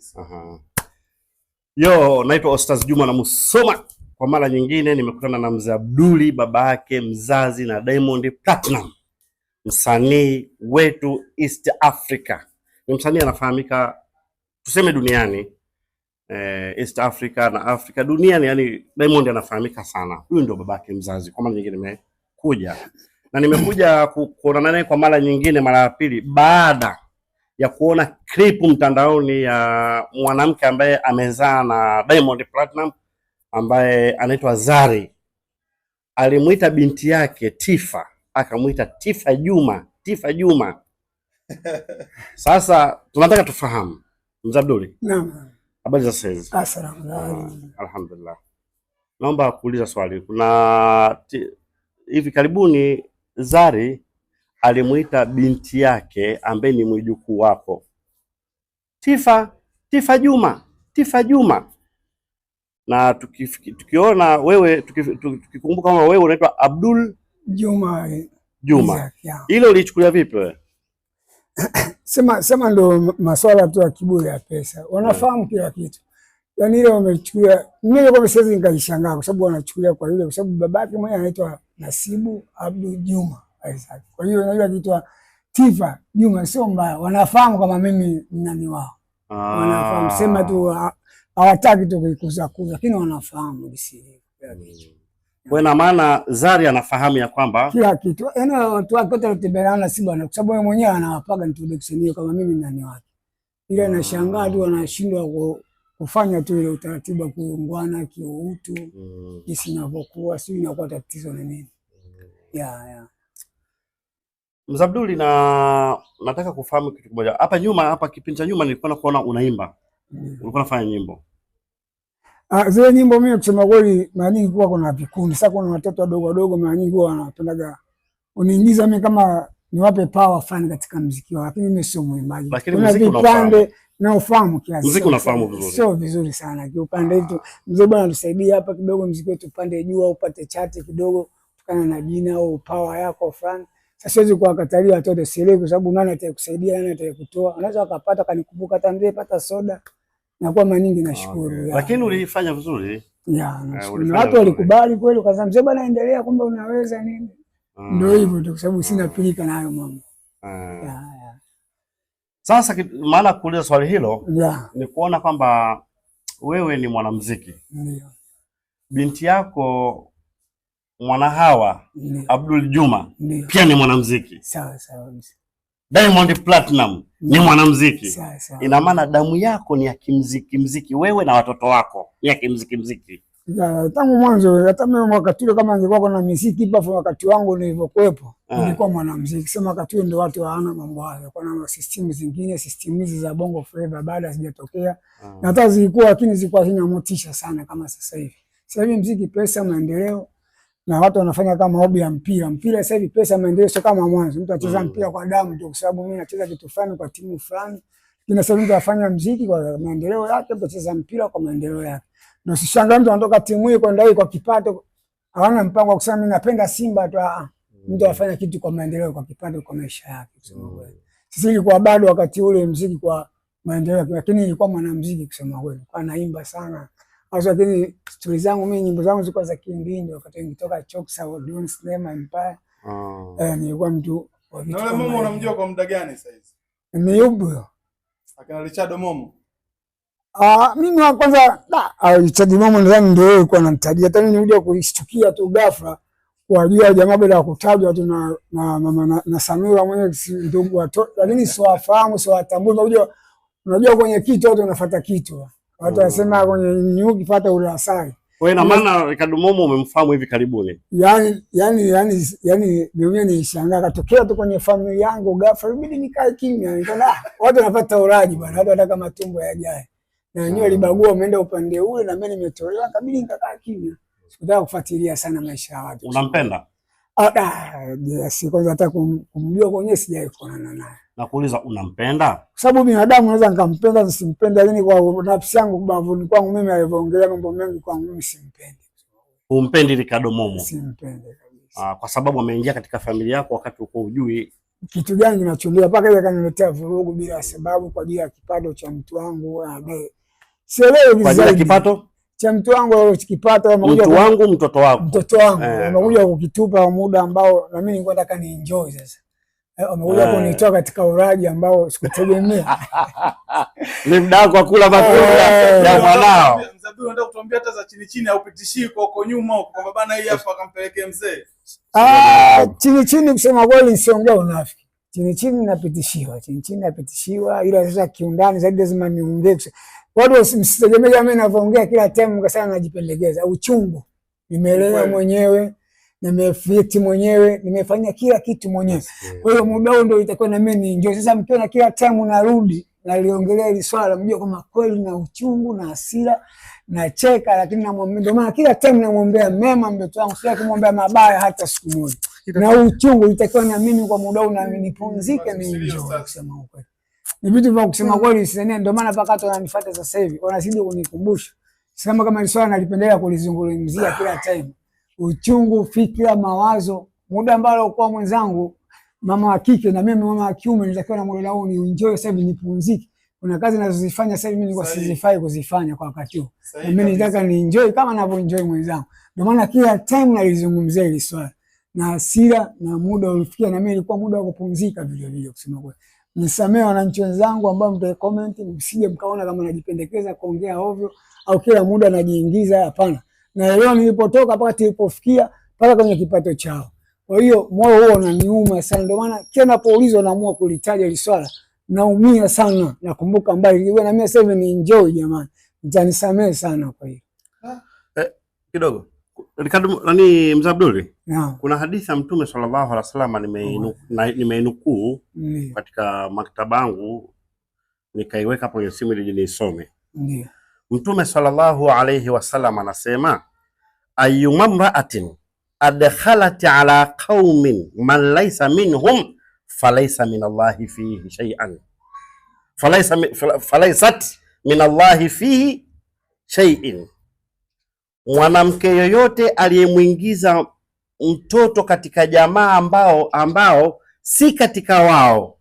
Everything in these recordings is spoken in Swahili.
kabisa. Yo, naitwa Ostaz Juma na Musoma. Kwa mara nyingine nimekutana na mzee Abduli, baba yake mzazi na Diamond Platinum, msanii wetu East Africa. Ni msanii anafahamika tuseme duniani eh, East Africa na Africa duniani, yani Diamond anafahamika sana. Huyu ndio babake mzazi. Kwa mara nyingine nimekuja na nimekuja kuonana naye kwa mara nyingine, mara ya pili, baada ya kuona clip mtandaoni ya mwanamke ambaye amezaa na Diamond Platinum ambaye anaitwa Zari. Alimuita binti yake Tifa, akamuita Tifa Juma, Tifa Juma. Sasa tunataka tufahamu Mzee Abduli. Naam. Habari za sasa? Asalamu alaykum. Ah, alhamdulillah. Naomba kuuliza swali. Kuna hivi karibuni Zari alimuita binti yake ambaye ni mjukuu wako Tifa, Tifa Juma, Tifa Juma. Na tukifiki, tukiona wewe tukikumbuka kama wewe unaitwa Abdul Juma Juma, hilo ulichukulia vipi wewe? Sema sema, ndo masuala tu ya kiburi ya pesa, wanafahamu kila kitu yani ile wamechukulia. Mimi kwa siwezi nikalishangaa, kwa sababu wanachukulia kwa yule, kwa sababu babake mwenye anaitwa Nasibu Abdul Juma Isaac. Kwa hiyo unajua kitu Tifa Juma sio mbaya, wanafahamu kama mimi nani wao wanafahamu ah. sema tu hawataki tu kuikuza kuza, lakini wanafahamu mm. kwa na maana Zari anafahamu ya kwamba kila kitu, yaani watu wake wote wanatembeleana Simba na kwa sababu yeye mwenyewe anawapaga introduction kama mimi nani wake, ila ah. nashangaa tu anashindwa kufanya tu ile utaratibu wa kuungwana kiutu, mm. jinsi inavyokuwa, si inakuwa tatizo na nini mm. ya ya Mzabduli, na nataka kufahamu kitu kimoja hapa nyuma. Hapa kipindi cha nyuma nilikuwa nakuona unaimba, mm. ulikuwa unafanya nyimbo ah, zile nyimbo. Mimi kusema kweli, mara nyingi kuwa kuna vikundi. Sasa kuna watoto wadogo wadogo, mara nyingi huwa wanapendaga uniingiza mimi kama niwape power fulani katika muziki wao, lakini mimi sio muimbaji, Kuna vipande na ufahamu kiasi, muziki unafahamu vizuri, sio vizuri sana kiupande wetu. Mzee bwana tusaidie hapa kidogo, muziki wetu upande juu, au upate chati kidogo, kutokana na jina au power yako fulani sasa siwezi kuwakatalia watoto sielewi, kwa sababu nani atakusaidia, nani atakutoa. anaweza akapata kanikumbuka, hata mzee pata soda na kwa maningi, nashukuru. Lakini ulifanya vizuri ya, eh, na watu walikubali kweli, kwa sababu mzee bwana, endelea, kumbe unaweza nini. Mm. Ndio hivyo tu, kwa sababu sina pilika nayo mambo. Eh. Sasa maana kuuliza swali hilo ni kuona kwamba wewe ni mwanamuziki, binti yako Mwanahawa Abdul Juma Ndiyo. pia ni mwanamuziki sawa sawa. Diamond Platinum ni mwanamuziki, ina maana damu yako ni ya kimziki mziki, wewe na watoto wako ni ya kimziki mziki tangu mwanzo. Hata mimi wakati ule kama ningekuwa na muziki bafu, wakati wangu nilivyokuepo ah. nilikuwa mwanamuziki sema, wakati ule ndio watu waana mambo hayo, kwa kuna system zingine, system hizi za bongo flava bado hazijatokea, ah. na hata zilikuwa lakini zilikuwa zina motisha sana kama sasa hivi. Sasa hivi muziki, pesa, maendeleo na watu wanafanya kama hobi ya mpira. Mpira sasa hivi pesa maendeleo sio kama mwanzo. Mtu anacheza mm. mpira kwa damu tu, kwa sababu mimi nacheza kitu fulani kwa timu fulani. Kina sasa mtu afanya muziki kwa maendeleo yake, mtu anacheza mpira kwa maendeleo yake. Na usishangae mtu anatoka timu hii kwenda hii kwa kipato. Hawana mpango wa kusema mimi napenda Simba tu. Ah, ah. Mm. Mtu afanya kitu kwa maendeleo, kwa kipato, kwa maisha yake. Sisi mm. ilikuwa bado wakati ule muziki kwa maendeleo, lakini ilikuwa mwanamuziki kusema kweli. kwa naimba sana. Also, lakini stori zangu mimi nyimbo zangu zilikuwa za kimbinyo wakati nitoka Choksa au Don Cinema Empire. Oh. Eh, nilikuwa mtu wa vitu. Na wewe Momo unamjua kwa muda gani sasa hizi? Meyubu. Akina Richard Momo. Ah, mimi wa kwanza da, ah, Richard Momo nadhani ndio yeye alikuwa anamtajia. Hata mimi nilikuja kuishtukia tu ghafla kwa ajili ya jamaa bila kutajwa tu na na na, na, na Samira mwenye ndugu wa to, lakini siwafahamu, siwatambui. Unajua unajua kwenye kitu watu wanafuata kitu watu wasema kwenye nyuu ule ulasari Wewe na maana Ricardo Momo umemfahamu hivi karibuni? Yaani yaani yaani yaani mimi nishangaa katokea tu kwenye familia yangu ghafla ibidi nikae kimya. nikana ah, watu wanapata uraji bwana, watu wanataka matumbo yajae. Na wenyewe libagua umeenda upande ule na mimi nimetolewa kabili nikakaa kimya. Sikutaka kufuatilia sana maisha ya watu. Unampenda? Ah, ah si kwanza hata kumjua kwenye sijawahi naye. Nakuuliza, unampenda? Sababu binadamu naweza nikampenda nisimpende, lakini kwa nafsi yangu kubavuni kwangu mimi alivyoongelea mambo mengi kwangu mimi simpendi. Umpendi Ricardo Momo? Simpendi kabisa. Ah, kwa sababu ameingia katika familia yako wakati uko ujui kitu gani kinachoendelea, mpaka ile kaniletea vurugu bila sababu, kwa ajili ya kipato cha mtu wangu. Yaani sielewi vizuri, kwa ajili ya kipato cha mtu wangu au kipato au mtu wangu, mtoto wako, mtoto wangu, unakuja eh. kukitupa muda ambao na mimi nilikuwa nataka nienjoy sasa wamekuja eh, eh. kunitoa katika uraji ambao sikutegemea. Ni mdako wa kula matunda eh. ya mwanao. Mzabibu unataka kutuambia hata za chini chini haupitishii kwa huko nyuma huko kwa kwamba na hii hapa akampelekea mzee. Ah, chini chini kusema kweli nisiongea unafiki. Chini chini napitishiwa, chini chini napitishiwa ila sasa kiundani zaidi lazima niongee. Watu msitegemee mimi ninavyoongea kila time mkasana najipendekeza. Uchungu nimeelewa mwenyewe nimefiti mwenyewe, nimefanya kila kitu mwenyewe. Kwa hiyo muda huo ndio itakuwa na mimi ni enjoy. Sasa mkiona kila time narudi naliongelea hili swala, mjue kama kweli na uchungu na hasira na cheka, lakini namwombea. Ndio maana kila time namwombea mema mtoto wangu, sio kumwombea mabaya hata siku moja, na uchungu itakuwa na mimi kwa muda huo, na nipumzike ni enjoy. Kusema ukweli ni vitu vya kusema mm. kweli, sasa ndio maana mpaka watu wananifuata sasa hivi wanazidi kunikumbusha, sasa kama kama swala nalipendelea kulizungumzia kila time uchungu, fikira, mawazo, muda ambao alikuwa mwenzangu mama wa kike na mimi mama wa kiume nilitakiwa na mwelewano huu nienjoy sasa hivi nipumzike. Kuna kazi ninazozifanya sasa hivi nilikuwa sizifai kuzifanya kwa wakati huo, na mimi nilitaka ni enjoy kama ninavyo enjoy mwenzangu. Ndio maana kila time nalizungumzia hili swali. na hasira na muda ulifikia, na mimi ilikuwa muda wa kupumzika vile vile. Kusema kweli, nisamehe wananchi wenzangu ambao mta comment, msije mkaona kama najipendekeza kuongea ovyo au kila muda najiingiza. Hapana na leo nilipotoka mpaka tulipofikia mpaka kwenye kipato chao. Kwa hiyo moyo huo unaniuma sana, ndio maana kila napoulizwa naamua kulitaja hili swala, naumia sana, nakumbuka mbali. Nilikuwa na mimi sasa enjoy jamani, mtanisamehe sana kwa hiyo ah, eh, kidogo Ricardo, nani Mzee Kuna hadithi ya Mtume sallallahu alaihi wasallam oh. nimeinukuu katika maktaba yangu nikaiweka kwenye simu ili nisome. Ndio. Mtume sallallahu alayhi wasallam anasema ayuma mraatin adkhalat ala qaumin man laysa minhum falaysa min Allahi fihi shay'an falaysat min Allahi fihi shay'in, mwanamke yoyote aliyemwingiza mtoto katika jamaa ambao ambao si katika wao,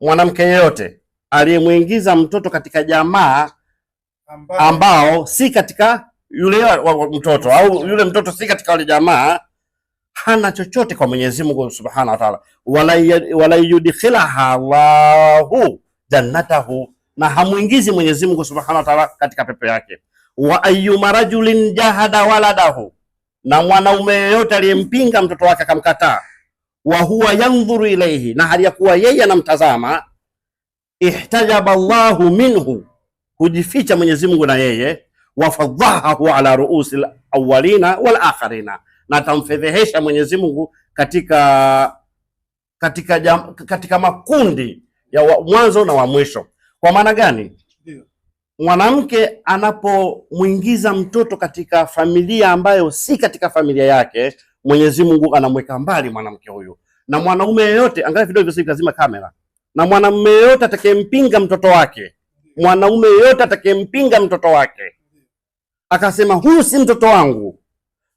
mwanamke yoyote aliyemwingiza mtoto katika jamaa ambao si katika yule wa, wa, mtoto au yule mtoto si katika wale jamaa, hana chochote kwa Mwenyezi Mungu Subhanahu wa Ta'ala, wala yudkhilaha Allahu jannatahu, na hamwingizi Mwenyezi Mungu Subhanahu wa Ta'ala katika pepo yake. Wa ayyuma rajulin jahada waladahu, na mwanaume yeyote aliyempinga mtoto wake akamkataa, wa huwa yanzuru ilayhi, na hali ya kuwa yeye anamtazama, ihtajaba Allahu minhu hujificha Mwenyezi Mungu na yeye, wafadhahahu ala ruusi lawalina walakharina, na atamfedhehesha Mwenyezi Mungu katika katika, jam, katika makundi ya mwanzo na wa mwisho. Kwa maana gani? Mwanamke anapomwingiza mtoto katika familia ambayo si katika familia yake, Mwenyezi Mungu anamweka mbali mwanamke huyu na mwanaume yeyote. Angalia video hivyo, lazima kamera, na mwanamume yeyote atakayempinga mtoto wake mwanaume yeyote atakayempinga mtoto wake akasema huyu si mtoto wangu,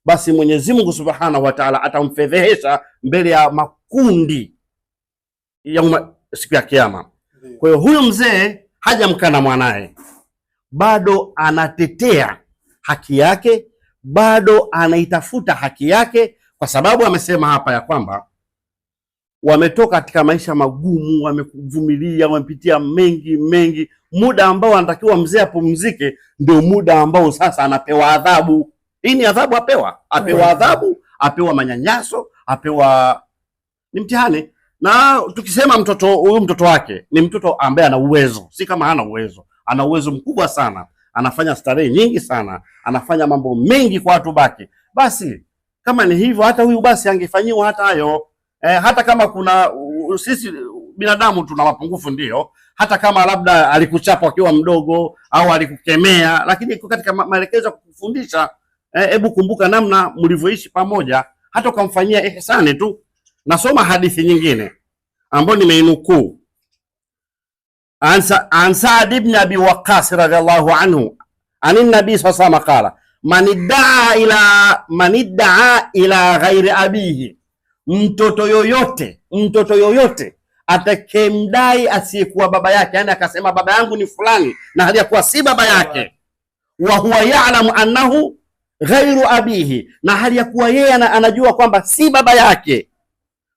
basi Mwenyezi Mungu Subhanahu wa Ta'ala atamfedhehesha mbele ya makundi ya siku ya Kiyama. Kwa hiyo huyu mzee hajamkana mwanaye, bado anatetea haki yake, bado anaitafuta haki yake, kwa sababu amesema hapa ya kwamba wametoka katika maisha magumu, wamevumilia, wamepitia mengi mengi. Muda ambao anatakiwa mzee apumzike ndio muda ambao sasa anapewa adhabu. Hii ni adhabu apewa, apewa adhabu, apewa manyanyaso, apewa ni mtihani. Na tukisema mtoto huyu, mtoto wake ni mtoto ambaye ana uwezo, si kama hana uwezo, ana uwezo mkubwa sana, anafanya starehe nyingi sana, anafanya mambo mengi kwa watu baki. Basi kama ni hivyo, hata huyu basi angefanyiwa hata hayo eh, hata kama kuna uh, sisi binadamu tuna mapungufu ndio, hata kama labda alikuchapa akiwa mdogo au alikukemea, lakini katika maelekezo ya kukufundisha, eh, hebu eh, kumbuka namna mlivyoishi pamoja, hata ukamfanyia ihsani tu. Nasoma hadithi nyingine ambayo nimeinukuu ansa Saad ibn Abi Waqas radhiallahu anhu anin nabii alaihi wasallam qala man idda ila, man idda ila ghairi abihi mtoto yoyote, mtoto yoyote atakemdai asiyekuwa baba yake, yaani akasema baba yangu ni fulani na hali kuwa si baba yake, wa huwa ya'lamu annahu ghairu abihi, na hali ya kuwa yeye anajua kwamba si baba yake,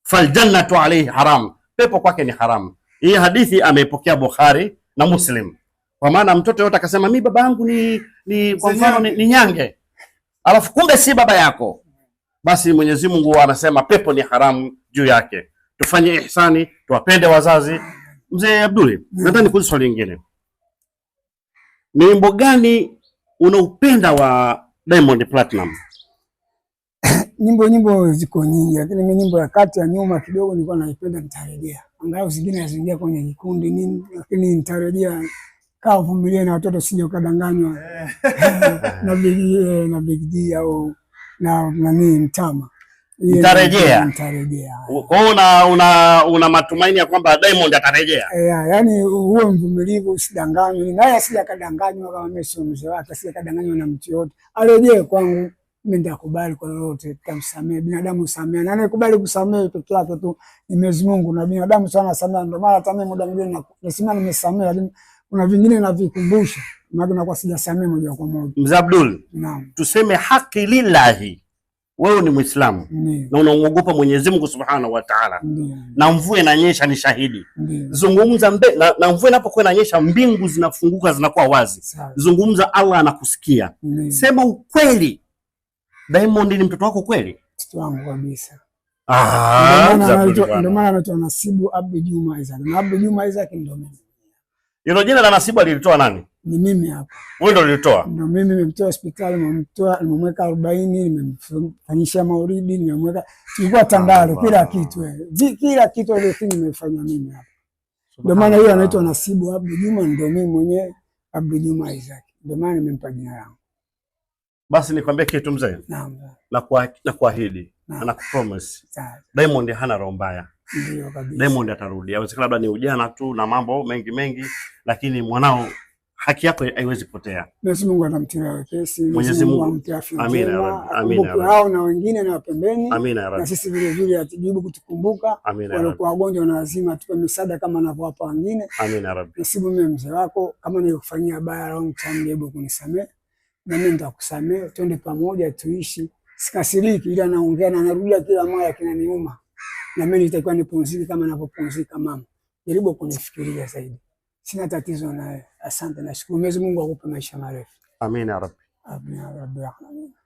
faljannatu alayhi haram pepo kwake ni haramu. Hii hadithi ameipokea Bukhari na Muslim. Kwa maana mtoto yote akasema mi baba yangu ni, ni kwa mfano ni, ni nyange, alafu kumbe si baba yako basi Mwenyezi Mungu anasema pepo ni haramu juu yake. Tufanye ihsani, tuwapende wazazi. Mzee Abduli, nadhani kuna swali lingine, ni wimbo gani unaupenda wa Diamond Platinum? Nyimbo nyimbo ziko nyingi, lakini mimi nyimbo ya kati ya nyuma kidogo nilikuwa naipenda, nitarejea. Angalau zingine zingia kwenye kikundi nini, lakini nitarejea. Kaa uvumilie na watoto, sije ukadanganywa eh, na Big D au na nani mtama mtarejea mtarejea. Kwa hiyo una, una, una matumaini ya kwamba Diamond atarejea? Yeah, yani huo mvumilivu, usidanganywe, naye asija kadanganywa, kama mimi sio mzee wake, asija kadanganywa na mtu yote, arejee kwangu mimi nitakubali kwa lolote, tamsamee binadamu, usamee na nikubali kusamee peke yake tu ni Mwenyezi Mungu, na binadamu sana samea. Ndio maana hata mimi muda mwingine nasema nimesamea, lakini kuna vingine navikumbusha maana nakuwa sijasamea moja kwa moja. Mzee Abdul, naam, tuseme haki lillahi, wewe ni Muislamu na unamwogopa Mwenyezi Mungu Subhanahu wa Ta'ala, na mvua inanyesha ni shahidi. Zungumza mbe, na, na mvua inapokuwa inanyesha mbingu zinafunguka zinakuwa wazi. Sawa. Zungumza, Allah anakusikia. Sema ukweli, Diamond ni mtoto wako kweli? Mtoto wangu kabisa. Ah, ndio maana anaitwa Nasibu Abdi Juma Isaac. Na Abdi Juma Isaac ndio mimi. Hilo jina la Nasibu alilitoa nani? Ni mimi hapa. Wewe ndio ulitoa? Ndio mimi nimemtoa hospitali, nimemtoa, nimemweka 40, nimemfanyisha mauridi, nimemweka tulikuwa ah, Tandale ah, ah. Eh. kila kitu. Kila kitu ile thing nimefanya mimi hapa. Ndio maana yeye anaitwa Nasibu Abdul Juma, ndio mimi mwenyewe Abdul Juma Isaac. Ndio maana nimempa jina langu. Basi nikwambie kitu mzee. Naam. Na kwa na kuahidi, na kupromise. Diamond hana roho mbaya. Ndio Diamond atarudi. Awezekana labda ni ujana tu na mambo mengi mengi, lakini mwanao haki yako haiwezi kupotea. Mwenyezi Mungu anamtia wepesi. Mwenyezi Mungu ampe afya njema. Amina. Hao na wengine na wapembeni. Amina. Na sisi vile vile atujibu kutukumbuka. Wale kwa wagonjwa na lazima tupe misaada kama anavyowapa wengine. Amina Rabbi. Nisibu mimi mzee wako kama nilikufanyia baya long time, hebu kunisamehe. Na mimi nitakusamehe. Twende pamoja tuishi. Sikasiriki ila naongea na narudia kila mara kinaniuma na mimi nitakuwa nipumzike kama ninavyopumzika. Mama, jaribu kunifikiria zaidi. Sina tatizo naye Asante, nashukuru. Mwenyezi Mungu akupe maisha marefu. Amina ya rabbi. amina ya rabbi.